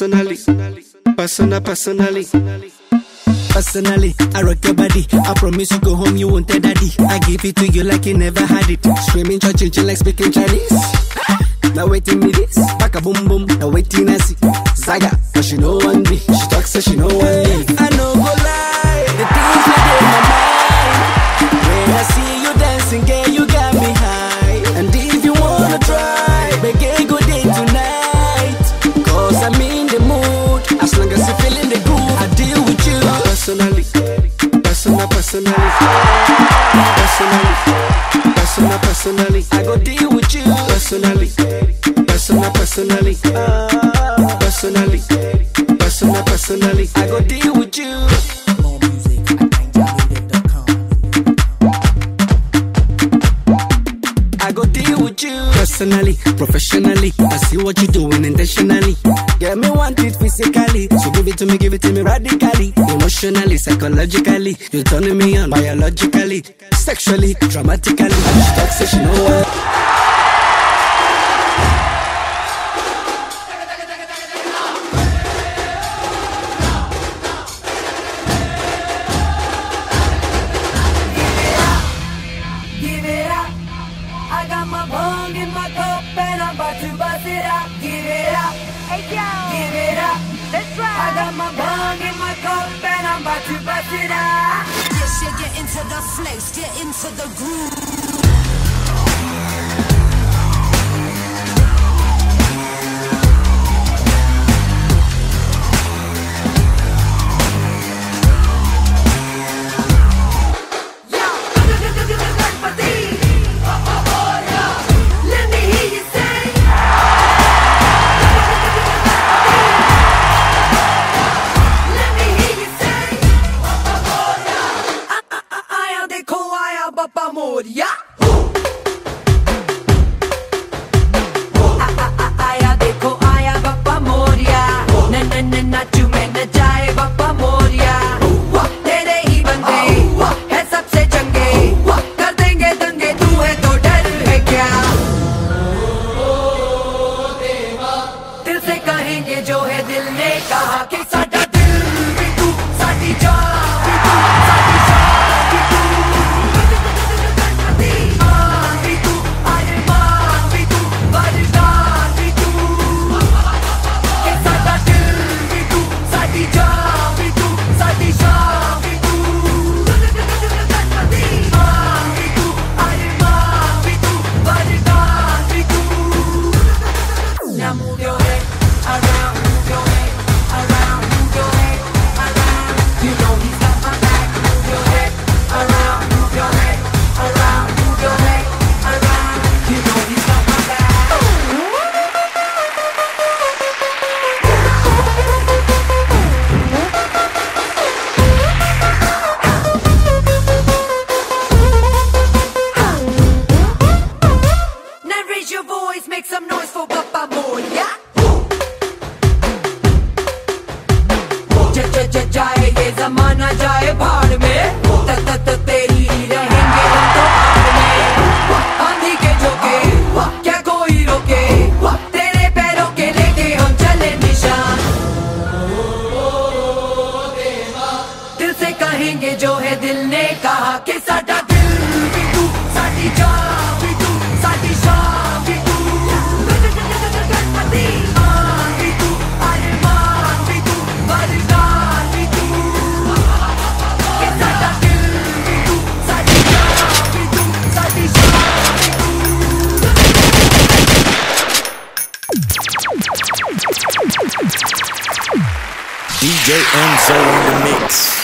personally, personal, personally. Personally, I rock your body. I promise you go home, you won't tell daddy. I give it to you like you never had it. Screaming, churching, like speaking Chinese. Now waiting me this, back a boom boom. Now waiting I see Zaga, but she no one be. She talks so she no one be. personally. I go deal with you personally. Personal, personally. personally. Personal, personally. I go deal with you. personally, professionally. I see what you're doing intentionally. Yeah, me want it physically. So give it to me, give it to me radically. Emotionally, psychologically. You're turning me on biologically sexually, dramatically. And she talks she know what. In my cup and i to bust it up, give it up, hey yo, give it up. I got my bong in my cup and I'm about to bust it up are sliced, you into the groove. Jacoba pamoja जाए ये जमाना जाए भाड़ में रहेंगे आंधी के झोंके क्या रोके तेरे पैरों के लेके हम चले निशान दिल कहेंगे जो DJ Enzo in the mix.